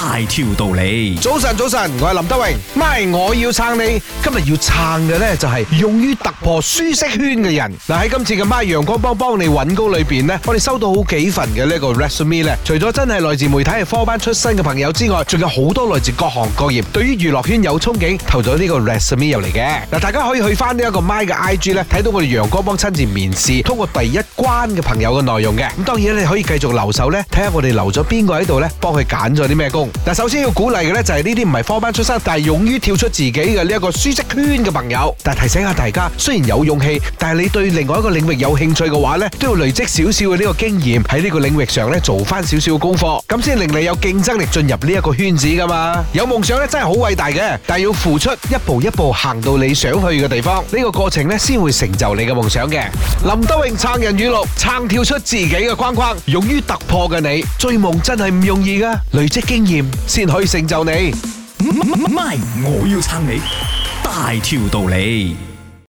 大條道理，早晨早晨，我係林德榮，MY 我要撐你，今日要撐嘅咧就係勇於突破舒適圈嘅人。嗱，喺今次嘅 MY 陽光幫幫你揾工裏邊咧，我哋收到好幾份嘅呢一個 resume 咧。除咗真係來自媒體係科班出身嘅朋友之外，仲有好多來自各行各業，對於娛樂圈有憧憬投咗呢個 resume 入嚟嘅。嗱，大家可以去翻呢一個 MY 嘅 IG 咧，睇到我哋陽光幫親自面試通過第一關嘅朋友嘅內容嘅。咁當然咧，你可以繼續留守咧，睇下我哋留咗邊個喺度咧，幫佢揀咗啲咩工。但首先要鼓勵嘅咧就係呢啲唔係科班出身，但係勇於跳出自己嘅呢一個舒適圈嘅朋友。但提醒下大家，雖然有勇氣，但係你對另外一個領域有興趣嘅話呢都要累積少少嘅呢個經驗，喺呢個領域上呢做翻少少嘅功課，咁先令你有競爭力進入呢一個圈子噶嘛。有夢想咧真係好偉大嘅，但係要付出，一步一步行到你想去嘅地方，呢個過程呢，先會成就你嘅夢想嘅。林德榮撐人語錄：撐跳出自己嘅框框，勇於突破嘅你，追夢真係唔容易噶，累積經驗。先可以成就你、M，唔係我要撐你，大條道理。